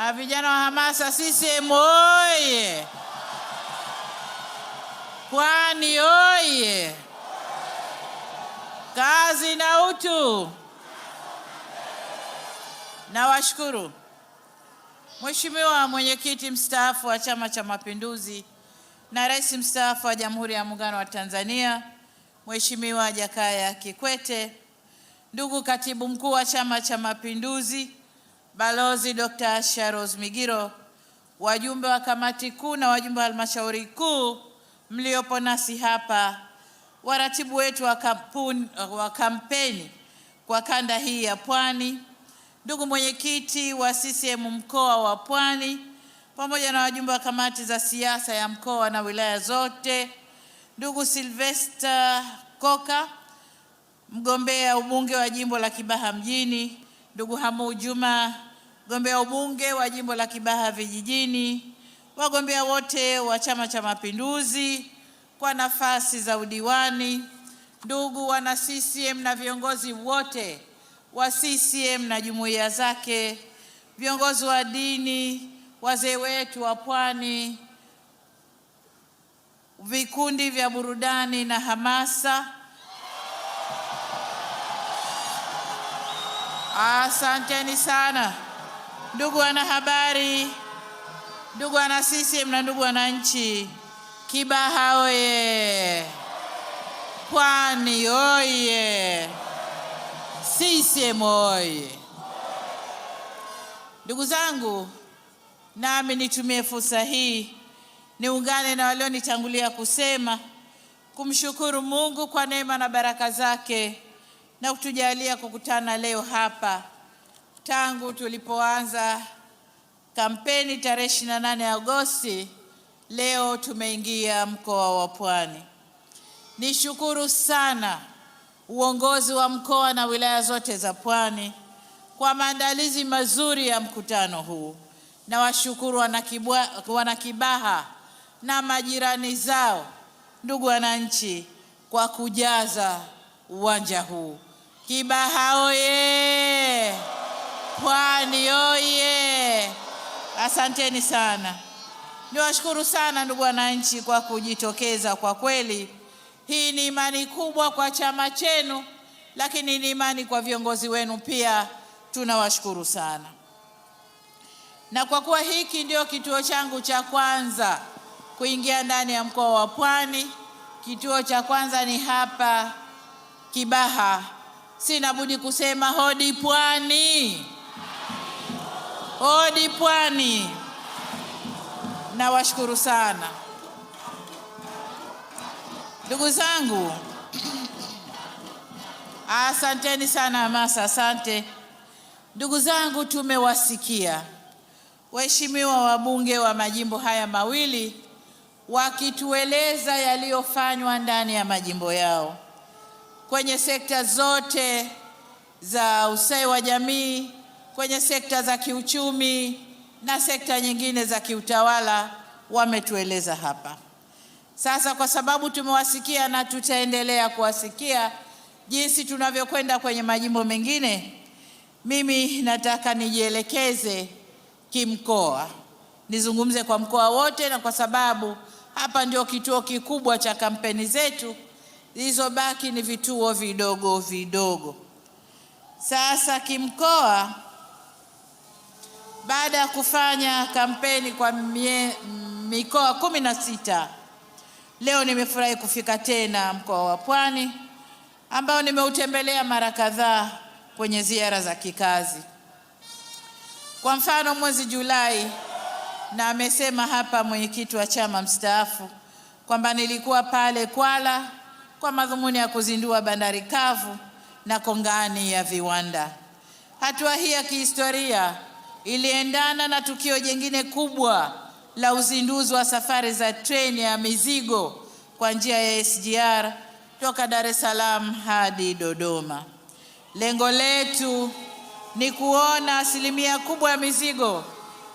Ah, vijana wa hamasa CCM oye! kwani oye! Kazi na utu. Nawashukuru Mheshimiwa Mwenyekiti mstaafu wa Chama cha Mapinduzi na Rais mstaafu wa Jamhuri ya Muungano wa Tanzania Mheshimiwa Jakaya Kikwete, ndugu Katibu Mkuu wa Chama cha Mapinduzi Balozi Dr. Asha Rose Migiro, wajumbe wa kamati kuu na wajumbe wa halmashauri kuu mliopo nasi hapa, waratibu wetu wa kampuni, wa kampeni kwa kanda hii ya Pwani, ndugu mwenyekiti wa CCM mkoa wa Pwani pamoja na wajumbe wa kamati za siasa ya mkoa na wilaya zote, ndugu Sylvester Koka, mgombea ubunge wa jimbo la Kibaha mjini, ndugu Hamu Juma mgombea ubunge wa jimbo la Kibaha Vijijini, wagombea wote wa Chama cha Mapinduzi kwa nafasi za udiwani, ndugu wana CCM na viongozi wote wa CCM na jumuiya zake, viongozi wa dini, wazee wetu wa Pwani, vikundi vya burudani na hamasa. Asanteni sana. Ndugu wanahabari, ndugu wana CCM na ndugu wananchi, Kibaha oye! Pwani oye! CCM oye! Ndugu zangu, nami nitumie fursa hii niungane na walionitangulia kusema kumshukuru Mungu kwa neema na baraka zake na kutujalia kukutana leo hapa tangu tulipoanza kampeni tarehe 28 Agosti, leo tumeingia mkoa wa Pwani. Nishukuru sana uongozi wa mkoa na wilaya zote za Pwani kwa maandalizi mazuri ya mkutano huu. Nawashukuru kibaha na majirani zao, ndugu wananchi, kwa kujaza uwanja huu. Kibaha oye! Pwani oye! Oh Asanteni sana, niwashukuru sana ndugu wananchi kwa kujitokeza. Kwa kweli hii ni imani kubwa kwa chama chenu, lakini ni imani kwa viongozi wenu pia, tunawashukuru sana. Na kwa kuwa hiki ndio kituo changu cha kwanza kuingia ndani ya mkoa wa Pwani, kituo cha kwanza ni hapa Kibaha, sina budi kusema hodi Pwani. Hodi Pwani, nawashukuru sana ndugu zangu. Asanteni sana hamasa, asante ndugu zangu, tumewasikia waheshimiwa wabunge wa majimbo haya mawili wakitueleza yaliyofanywa ndani ya majimbo yao kwenye sekta zote za ustawi wa jamii kwenye sekta za kiuchumi na sekta nyingine za kiutawala wametueleza hapa. Sasa kwa sababu tumewasikia na tutaendelea kuwasikia jinsi tunavyokwenda kwenye majimbo mengine, mimi nataka nijielekeze kimkoa, nizungumze kwa mkoa wote, na kwa sababu hapa ndio kituo kikubwa cha kampeni zetu, zilizobaki ni vituo vidogo vidogo. Sasa kimkoa baada ya kufanya kampeni kwa mie, mikoa kumi na sita, leo nimefurahi kufika tena mkoa wa Pwani ambao nimeutembelea mara kadhaa kwenye ziara za kikazi. Kwa mfano mwezi Julai, na amesema hapa mwenyekiti wa chama mstaafu kwamba nilikuwa pale Kwala kwa madhumuni ya kuzindua bandari kavu na kongani ya viwanda. Hatua hii ya kihistoria iliendana na tukio jingine kubwa la uzinduzi wa safari za treni ya mizigo kwa njia ya SGR toka Dar es Salaam hadi Dodoma. Lengo letu ni kuona asilimia kubwa ya mizigo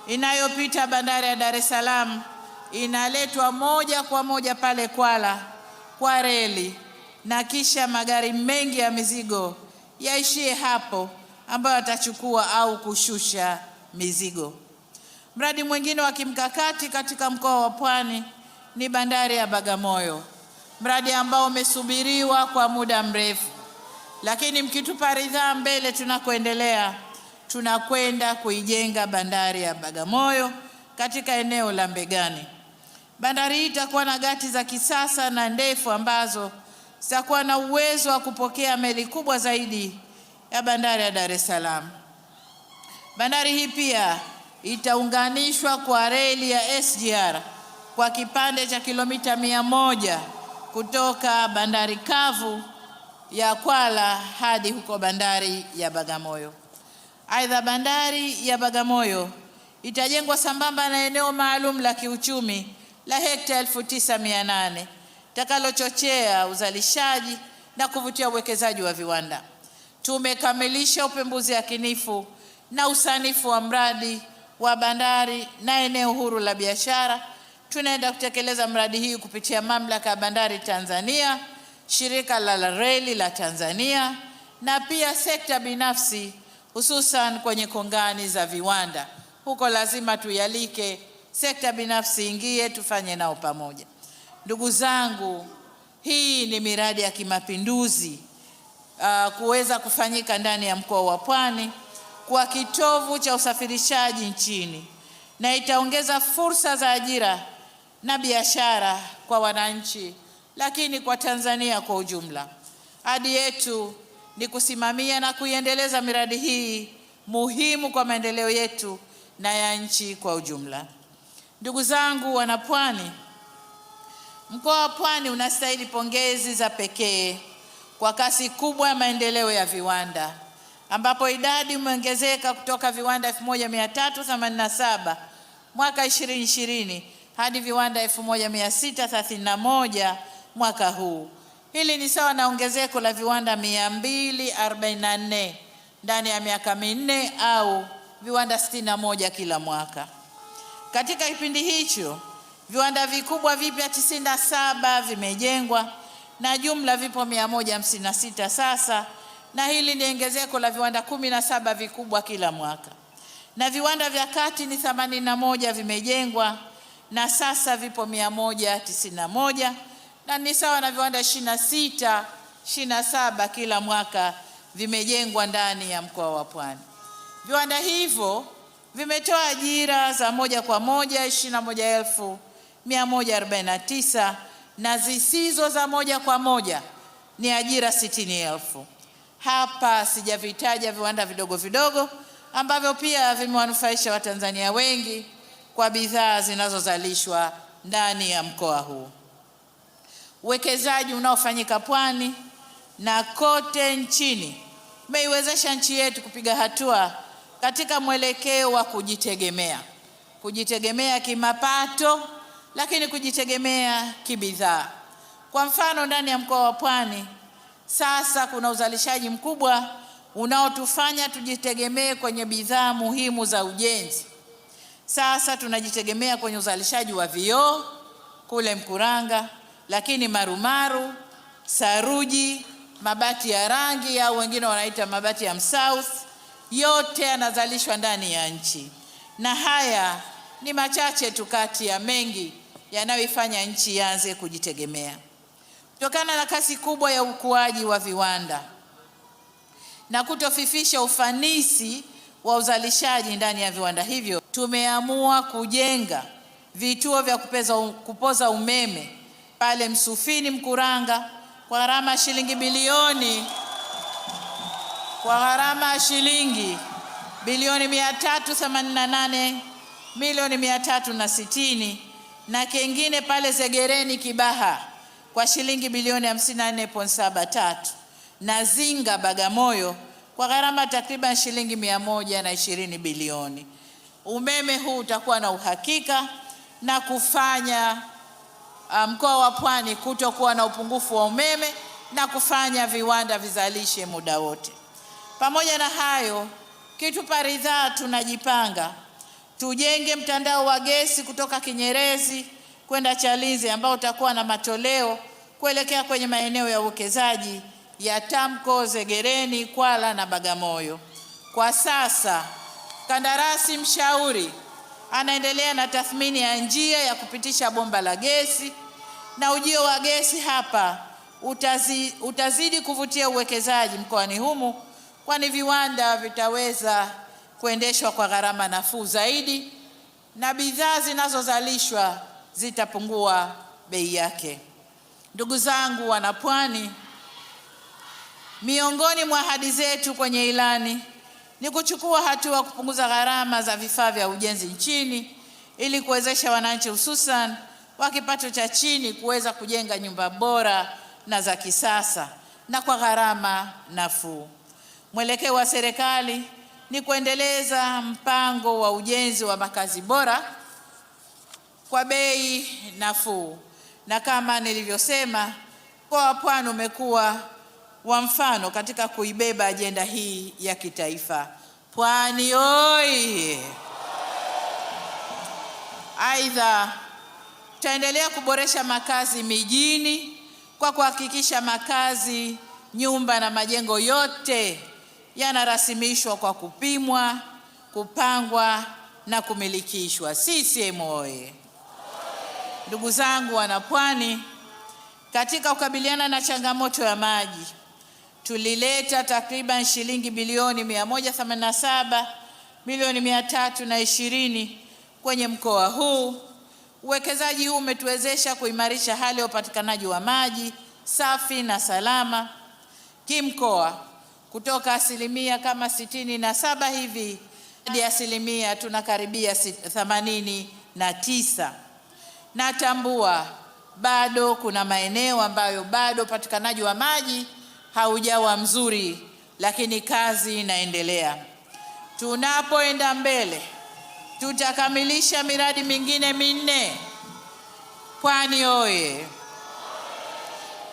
inayopita bandari ya Dar es Salaam inaletwa moja kwa moja pale Kwala kwa reli na kisha magari mengi ya mizigo yaishie hapo ambayo atachukua au kushusha mizigo. Mradi mwingine wa kimkakati katika mkoa wa Pwani ni bandari ya Bagamoyo, mradi ambao umesubiriwa kwa muda mrefu, lakini mkitupa ridhaa mbele tunakoendelea, tunakwenda kuijenga bandari ya Bagamoyo katika eneo la Mbegani. Bandari hii itakuwa na gati za kisasa na ndefu ambazo zitakuwa na uwezo wa kupokea meli kubwa zaidi ya bandari ya Dar es Salaam. Bandari hii pia itaunganishwa kwa reli ya SGR kwa kipande cha kilomita mia moja kutoka bandari kavu ya Kwala hadi huko bandari ya Bagamoyo. Aidha, bandari ya Bagamoyo itajengwa sambamba na eneo maalum la kiuchumi la hekta elfu tisa mia nane takalochochea uzalishaji na kuvutia uwekezaji wa viwanda. Tumekamilisha upembuzi yakinifu na usanifu wa mradi wa bandari na eneo huru la biashara. Tunaenda kutekeleza mradi hii kupitia Mamlaka ya Bandari Tanzania, Shirika la Reli la Tanzania na pia sekta binafsi, hususan kwenye kongani za viwanda. Huko lazima tuyalike, sekta binafsi ingie, tufanye nao pamoja. Ndugu zangu, hii ni miradi ya kimapinduzi uh, kuweza kufanyika ndani ya mkoa wa Pwani kwa kitovu cha usafirishaji nchini na itaongeza fursa za ajira na biashara kwa wananchi, lakini kwa Tanzania kwa ujumla. Ahadi yetu ni kusimamia na kuiendeleza miradi hii muhimu kwa maendeleo yetu na ya nchi kwa ujumla. Ndugu zangu wanapwani, mkoa wa Pwani unastahili pongezi za pekee kwa kasi kubwa ya maendeleo ya viwanda ambapo idadi imeongezeka kutoka viwanda 1387 mwaka 2020 hadi viwanda 1631 mwaka huu. Hili ni sawa na ongezeko la viwanda 244 ndani ya miaka minne au viwanda 61 kila mwaka. Katika kipindi hicho viwanda vikubwa vipya 97 vimejengwa na jumla vipo 156 sasa na hili ni ongezeko la viwanda kumi na saba vikubwa kila mwaka, na viwanda vya kati ni themanini na moja vimejengwa na sasa vipo mia moja tisini na moja na ni sawa na viwanda ishirini na sita ishirini na saba kila mwaka vimejengwa ndani ya mkoa wa Pwani. Viwanda hivyo vimetoa ajira za moja kwa moja ishirini na moja elfu mia moja arobaini na tisa na zisizo za moja kwa moja ni ajira sitini elfu hapa sijavitaja viwanda vidogo vidogo ambavyo pia vimewanufaisha Watanzania wengi kwa bidhaa zinazozalishwa ndani ya mkoa huu. Uwekezaji unaofanyika Pwani na kote nchini umeiwezesha nchi yetu kupiga hatua katika mwelekeo wa kujitegemea, kujitegemea kimapato, lakini kujitegemea kibidhaa. Kwa mfano, ndani ya mkoa wa Pwani sasa kuna uzalishaji mkubwa unaotufanya tujitegemee kwenye bidhaa muhimu za ujenzi. Sasa tunajitegemea kwenye uzalishaji wa vioo kule Mkuranga, lakini marumaru, saruji, mabati ya rangi au wengine wanaita mabati ya msauth, yote yanazalishwa ndani ya nchi, na haya ni machache tu kati ya mengi yanayoifanya nchi ianze kujitegemea kutokana na kasi kubwa ya ukuaji wa viwanda na kutofifisha ufanisi wa uzalishaji ndani ya viwanda hivyo, tumeamua kujenga vituo vya kupeza, kupoza umeme pale Msufini Mkuranga kwa gharama ya shilingi bilioni kwa gharama ya shilingi bilioni 388 milioni 360 na kengine pale Zegereni Kibaha kwa shilingi bilioni 54.73 na Zinga Bagamoyo kwa gharama takriban shilingi 120 bilioni. Umeme huu utakuwa na uhakika na kufanya uh, mkoa um, wa Pwani kutokuwa na upungufu wa umeme na kufanya viwanda vizalishe muda wote. Pamoja na hayo, kitupa ridhaa tunajipanga tujenge mtandao wa gesi kutoka Kinyerezi kwenda Chalinze ambao utakuwa na matoleo kuelekea kwenye maeneo ya uwekezaji ya tamko Zegereni, Kwala na Bagamoyo. Kwa sasa kandarasi mshauri anaendelea na tathmini ya njia ya kupitisha bomba la gesi na ujio wa gesi hapa utazi, utazidi kuvutia uwekezaji mkoani humu, kwani viwanda vitaweza kuendeshwa kwa gharama nafuu zaidi na bidhaa zinazozalishwa zitapungua bei yake. Ndugu zangu wanapwani, miongoni mwa ahadi zetu kwenye ilani ni kuchukua hatua kupunguza gharama za vifaa vya ujenzi nchini ili kuwezesha wananchi hususan wa kipato cha chini kuweza kujenga nyumba bora na za kisasa na kwa gharama nafuu. Mwelekeo wa serikali ni kuendeleza mpango wa ujenzi wa makazi bora kwa bei nafuu, na kama nilivyosema, mkoa wa Pwani umekuwa wa mfano katika kuibeba ajenda hii ya kitaifa. Pwani oi! Aidha, tutaendelea kuboresha makazi mijini kwa kuhakikisha makazi, nyumba na majengo yote yanarasimishwa kwa kupimwa, kupangwa na kumilikishwa. CCM oye! Ndugu zangu wanapwani, katika kukabiliana na changamoto ya maji tulileta takriban shilingi bilioni 187 milioni mia tatu na ishirini kwenye mkoa huu. Uwekezaji huu umetuwezesha kuimarisha hali ya upatikanaji wa maji safi na salama kimkoa kutoka asilimia kama sitini na saba hivi hadi asilimia tunakaribia themanini na tisa. Natambua bado kuna maeneo ambayo bado upatikanaji wa maji haujawa mzuri, lakini kazi inaendelea. Tunapoenda mbele, tutakamilisha miradi mingine minne. Pwani oye!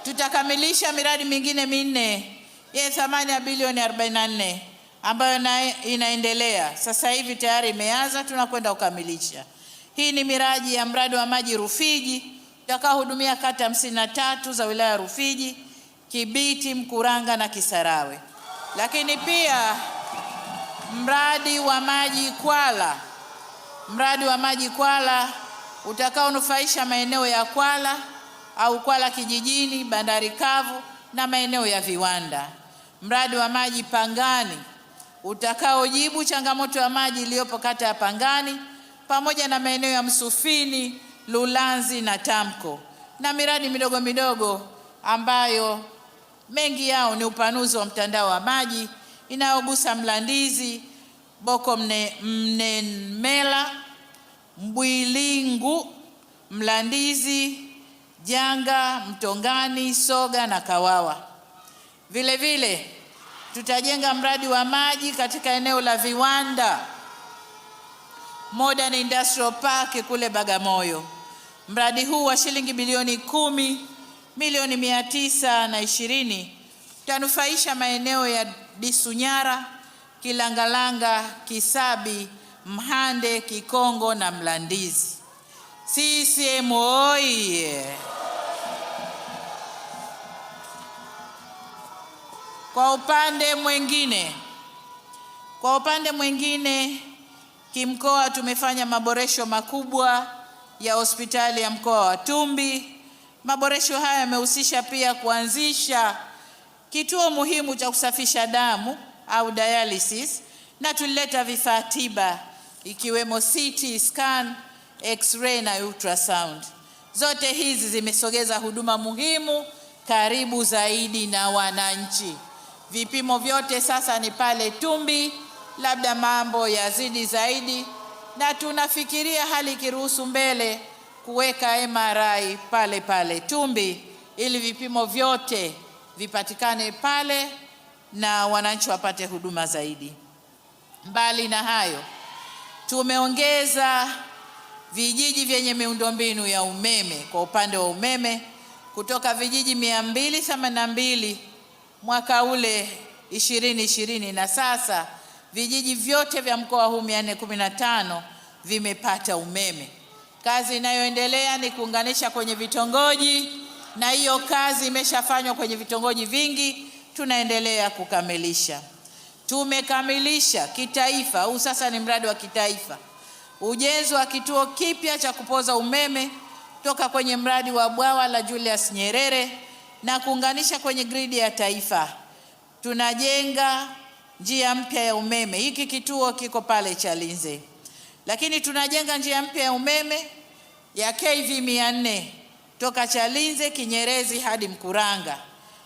Tutakamilisha miradi mingine minne yenye thamani ya bilioni 44 ambayo na inaendelea sasa hivi tayari imeanza, tunakwenda kukamilisha. Hii ni miradi ya mradi wa maji Rufiji utakaohudumia kata hamsini na tatu za wilaya ya Rufiji, Kibiti, Mkuranga na Kisarawe, lakini pia mradi wa maji Kwala, mradi wa maji Kwala utakaonufaisha maeneo ya Kwala au Kwala kijijini, bandari kavu na maeneo ya viwanda. Mradi wa maji Pangani utakaojibu changamoto ya maji iliyopo kata ya Pangani pamoja na maeneo ya Msufini, Lulanzi na Tamko, na miradi midogo midogo ambayo mengi yao ni upanuzi wa mtandao wa maji inayogusa Mlandizi, Boko mne, Mnemela, Mbwilingu, Mlandizi, Janga, Mtongani, Soga na Kawawa. Vilevile tutajenga mradi wa maji katika eneo la viwanda Modern Industrial Park kule Bagamoyo. Mradi huu wa shilingi bilioni kumi milioni mia tisa na ishirini utanufaisha maeneo ya Disunyara, Kilangalanga, Kisabi, Mhande, Kikongo na Mlandizi. CCM oye! Kwa upande mwingine, kwa upande mwingine Kimkoa tumefanya maboresho makubwa ya hospitali ya mkoa wa Tumbi. Maboresho haya yamehusisha pia kuanzisha kituo muhimu cha kusafisha damu au dialysis, na tulileta vifaa tiba ikiwemo CT scan, x-ray na ultrasound. Zote hizi zimesogeza huduma muhimu karibu zaidi na wananchi. Vipimo vyote sasa ni pale Tumbi labda mambo yazidi zaidi, na tunafikiria hali ikiruhusu mbele kuweka MRI pale pale Tumbi ili vipimo vyote vipatikane pale na wananchi wapate huduma zaidi. Mbali na hayo, tumeongeza vijiji vyenye miundombinu ya umeme kwa upande wa umeme kutoka vijiji 282 mwaka ule 2020 na sasa vijiji vyote vya mkoa huu tano vimepata umeme. Kazi inayoendelea ni kuunganisha kwenye vitongoji, na hiyo kazi imeshafanywa kwenye vitongoji vingi, tunaendelea kukamilisha. Tumekamilisha kitaifa, huu sasa ni mradi wa kitaifa, ujenzi wa kituo kipya cha kupoza umeme toka kwenye mradi wa bwawa la Julius Nyerere na kuunganisha kwenye gridi ya taifa. Tunajenga njia mpya ya umeme. Hiki kituo kiko pale Chalinze, lakini tunajenga njia mpya ya umeme ya KV 400 toka Chalinze Kinyerezi hadi Mkuranga.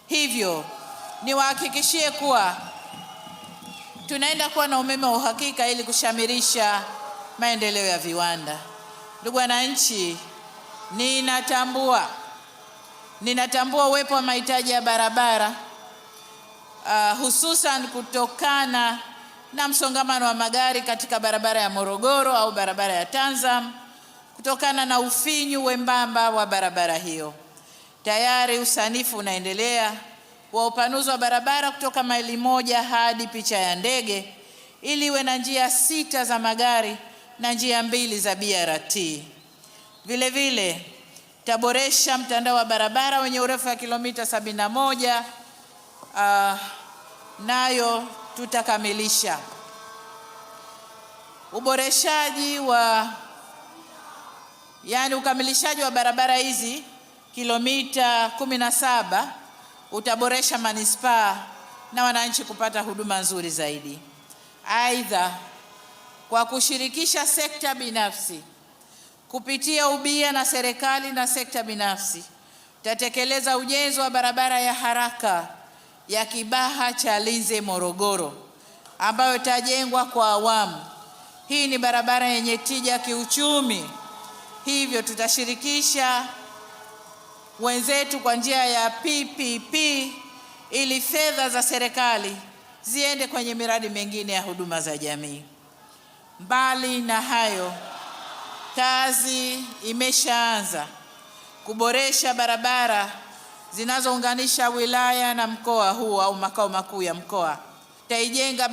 Hivyo niwahakikishie kuwa tunaenda kuwa na umeme wa uhakika ili kushamirisha maendeleo ya viwanda. Ndugu wananchi, ninatambua ninatambua uwepo wa mahitaji ya barabara uh, hususan kutokana na msongamano wa magari katika barabara ya Morogoro au barabara ya Tanzam kutokana na ufinyu wembamba wa barabara hiyo. Tayari usanifu unaendelea wa upanuzi wa barabara kutoka maili moja hadi picha ya ndege ili iwe na njia sita za magari na njia mbili za BRT. Vile vile taboresha mtandao wa barabara wenye urefu wa kilomita 71 uh, nayo tutakamilisha uboreshaji wa yani ukamilishaji wa barabara hizi kilomita saba utaboresha manispaa na wananchi kupata huduma nzuri zaidi. Aidha, kwa kushirikisha sekta binafsi kupitia ubia na serikali na sekta binafsi, tutatekeleza ujenzi wa barabara ya haraka ya Kibaha Chalinze Morogoro ambayo itajengwa kwa awamu. Hii ni barabara yenye tija kiuchumi, hivyo tutashirikisha wenzetu kwa njia ya PPP ili fedha za serikali ziende kwenye miradi mingine ya huduma za jamii. Mbali na hayo, kazi imeshaanza kuboresha barabara zinazounganisha wilaya na mkoa huu au makao makuu ya mkoa. Taijenga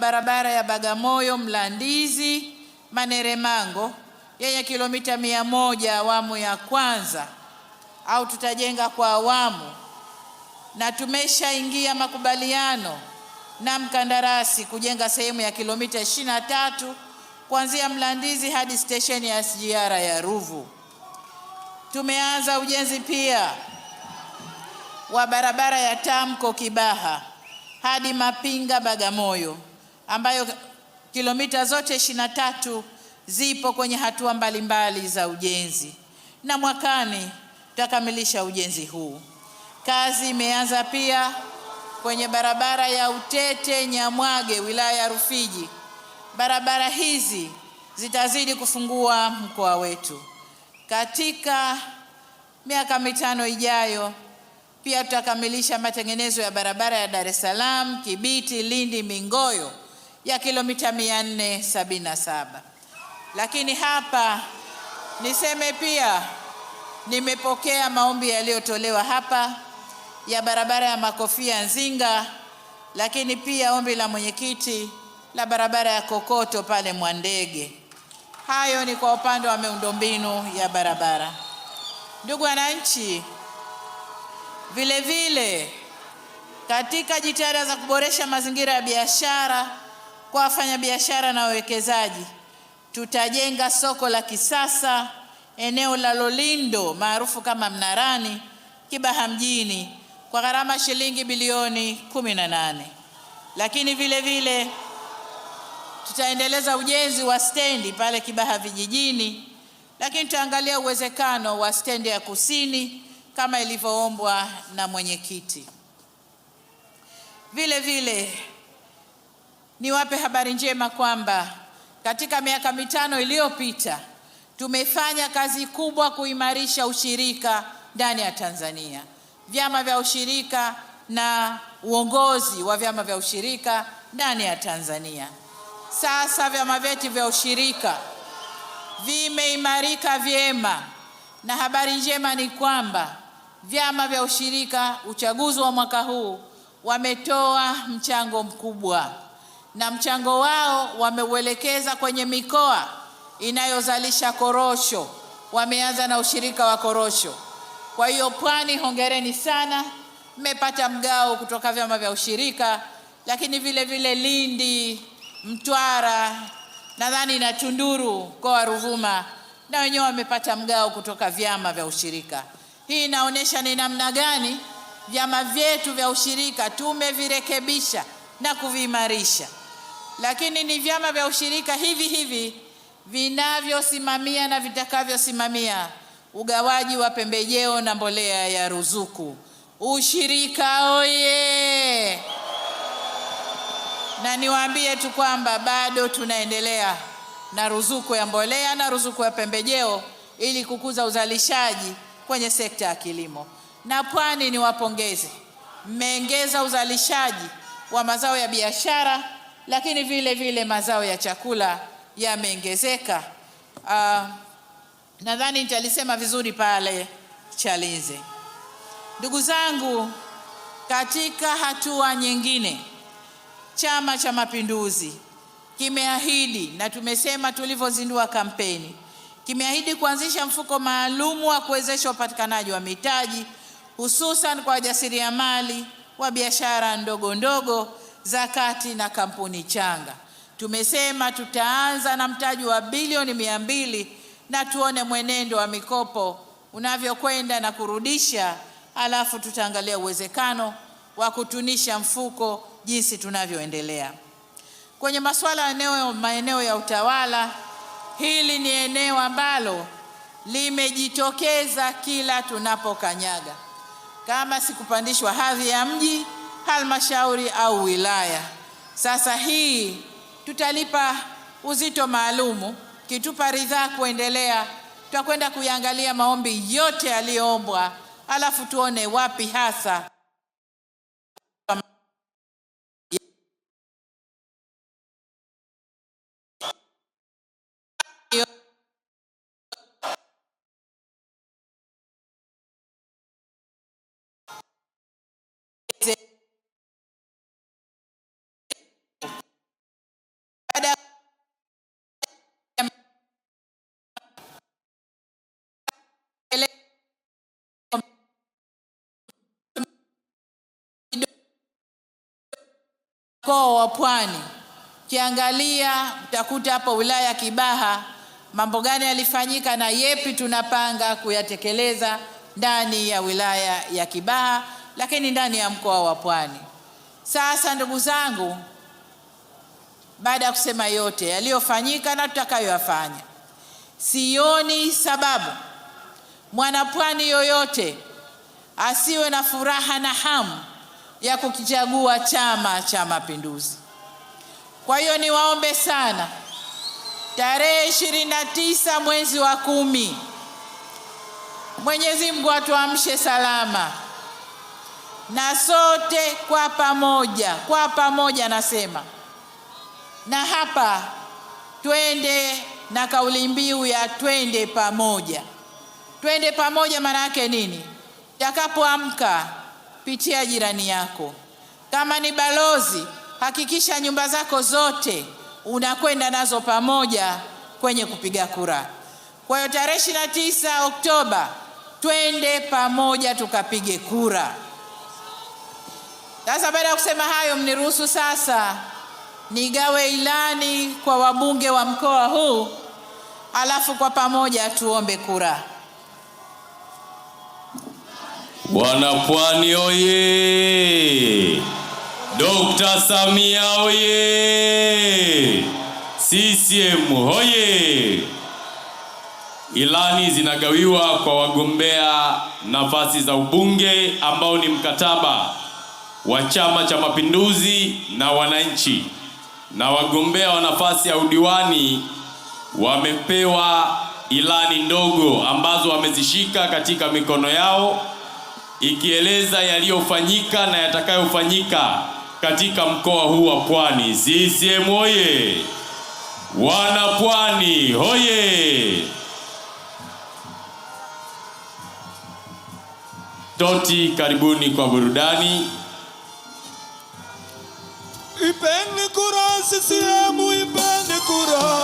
barabara ya Bagamoyo Mlandizi Maneremango yenye kilomita mia moja awamu ya kwanza, au tutajenga kwa awamu, na tumeshaingia makubaliano na mkandarasi kujenga sehemu ya kilomita ishirini tatu kuanzia Mlandizi hadi stesheni ya SGR ya Ruvu. Tumeanza ujenzi pia wa barabara ya Tamko Kibaha hadi Mapinga Bagamoyo, ambayo kilomita zote ishirini na tatu zipo kwenye hatua mbalimbali za ujenzi, na mwakani tutakamilisha ujenzi huu. Kazi imeanza pia kwenye barabara ya Utete Nyamwage, wilaya ya Rufiji. Barabara hizi zitazidi kufungua mkoa wetu katika miaka mitano ijayo. Pia tutakamilisha matengenezo ya barabara ya Dar es Salaam, Kibiti, Lindi, Mingoyo ya kilomita 477. Lakini hapa niseme pia nimepokea maombi yaliyotolewa hapa ya barabara ya Makofia Nzinga, lakini pia ombi la mwenyekiti la barabara ya Kokoto pale Mwandege. Hayo ni kwa upande wa miundombinu ya barabara. Ndugu wananchi, vile vile katika jitihada za kuboresha mazingira ya biashara kwa wafanyabiashara na wawekezaji, tutajenga soko la kisasa eneo la Lolindo maarufu kama Mnarani, Kibaha mjini kwa gharama shilingi bilioni nane Lakini vile vile tutaendeleza ujenzi wa stendi pale Kibaha vijijini, lakini tutaangalia uwezekano wa stendi ya kusini kama ilivyoombwa na mwenyekiti. Vile vile niwape habari njema kwamba katika miaka mitano iliyopita tumefanya kazi kubwa kuimarisha ushirika ndani ya Tanzania. Vyama vya ushirika na uongozi wa vyama vya ushirika ndani ya Tanzania. Sasa vyama vyetu vya ushirika vimeimarika vyema na habari njema ni kwamba vyama vya ushirika uchaguzi wa mwaka huu wametoa mchango mkubwa, na mchango wao wameuelekeza kwenye mikoa inayozalisha korosho. Wameanza na ushirika wa korosho. Kwa hiyo Pwani, hongereni sana, mmepata mgao kutoka vyama vya ushirika, lakini vile vile Lindi, Mtwara nadhani na Tunduru mkoa wa Ruvuma na wenyewe wamepata mgao kutoka vyama vya ushirika. Hii inaonyesha ni namna gani vyama vyetu vya ushirika tumevirekebisha na kuviimarisha, lakini ni vyama vya ushirika hivi hivi vinavyosimamia na vitakavyosimamia ugawaji wa pembejeo na mbolea ya ruzuku. Ushirika oye! Na niwaambie tu kwamba bado tunaendelea na ruzuku ya mbolea na ruzuku ya pembejeo ili kukuza uzalishaji kwenye sekta ya kilimo. Na Pwani ni wapongeze, mmeongeza uzalishaji wa mazao ya biashara, lakini vile vile mazao ya chakula yameongezeka. Uh, nadhani nitalisema vizuri pale Chalinze. Ndugu zangu, katika hatua nyingine, Chama cha Mapinduzi kimeahidi na tumesema tulivyozindua kampeni kimeahidi kuanzisha mfuko maalum wa kuwezesha upatikanaji wa mitaji hususan kwa wajasiriamali wa biashara ndogo ndogo za kati na kampuni changa. Tumesema tutaanza na mtaji wa bilioni mia mbili na tuone mwenendo wa mikopo unavyokwenda na kurudisha, alafu tutaangalia uwezekano wa kutunisha mfuko jinsi tunavyoendelea. Kwenye masuala ya maeneo ya utawala hili ni eneo ambalo limejitokeza kila tunapokanyaga. Kama sikupandishwa hadhi ya mji, halmashauri au wilaya, sasa hii tutalipa uzito maalumu. Kitupa ridhaa kuendelea, tutakwenda kuyangalia maombi yote yaliyoombwa, alafu tuone wapi hasa mkoa wa Pwani, kiangalia mtakuta hapo wilaya ya Kibaha mambo gani yalifanyika na yepi tunapanga kuyatekeleza ndani ya wilaya ya Kibaha, lakini ndani ya mkoa wa Pwani. Sasa ndugu zangu, baada ya kusema yote yaliyofanyika na tutakayoyafanya, sioni sababu mwanapwani yoyote asiwe na furaha na hamu ya kukichagua Chama cha Mapinduzi. Kwa hiyo niwaombe sana, tarehe ishirini na tisa mwezi wa kumi, Mwenyezi Mungu atuamshe salama na sote kwa pamoja, kwa pamoja nasema, na hapa twende na kauli mbiu ya twende pamoja. Twende pamoja maana yake nini? Takapoamka pitia jirani yako. Kama ni balozi, hakikisha nyumba zako zote unakwenda nazo pamoja kwenye kupiga kura. Kwa hiyo tarehe ishirini tisa Oktoba twende pamoja tukapige kura. Sasa baada ya kusema hayo, mniruhusu sasa nigawe ilani kwa wabunge wa mkoa huu, alafu kwa pamoja tuombe kura. Bwana Pwani oye! Dr. Samia oye! CCM hoye! Ilani zinagawiwa kwa wagombea nafasi za ubunge ambao ni mkataba wa Chama cha Mapinduzi na wananchi, na wagombea wa nafasi ya udiwani wamepewa ilani ndogo ambazo wamezishika katika mikono yao ikieleza yaliyofanyika na yatakayofanyika katika mkoa huu wa Pwani. CCM hoye! Wana Pwani hoye! Toti, karibuni kwa burudani. Ipeni kura CCM, ipeni kura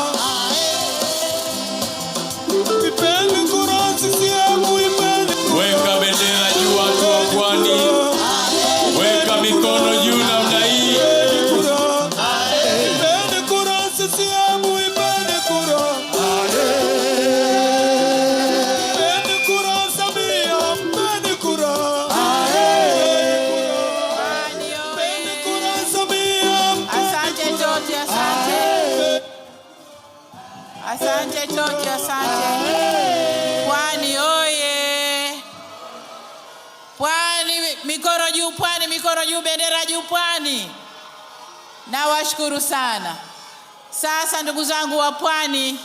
ndugu zangu wa Pwani,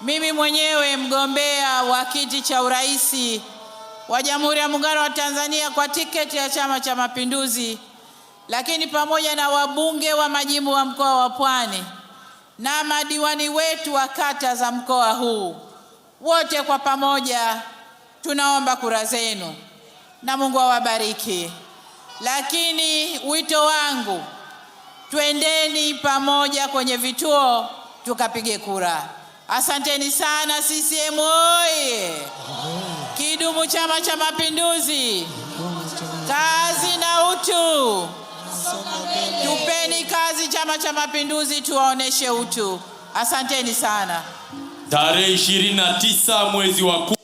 mimi mwenyewe mgombea wa kiti cha urais wa Jamhuri ya Muungano wa Tanzania kwa tiketi ya Chama cha Mapinduzi, lakini pamoja na wabunge wa majimbo wa mkoa wa Pwani na madiwani wetu wa kata za mkoa huu, wote kwa pamoja tunaomba kura zenu na Mungu awabariki. Lakini wito wangu twendeni pamoja kwenye vituo tukapige kura. Asanteni sana CCM oye! Kidumu Chama cha Mapinduzi! Kazi na utu! Tupeni kazi Chama cha Mapinduzi, tuwaoneshe utu. Asanteni sana. Tarehe 29 mwezi wa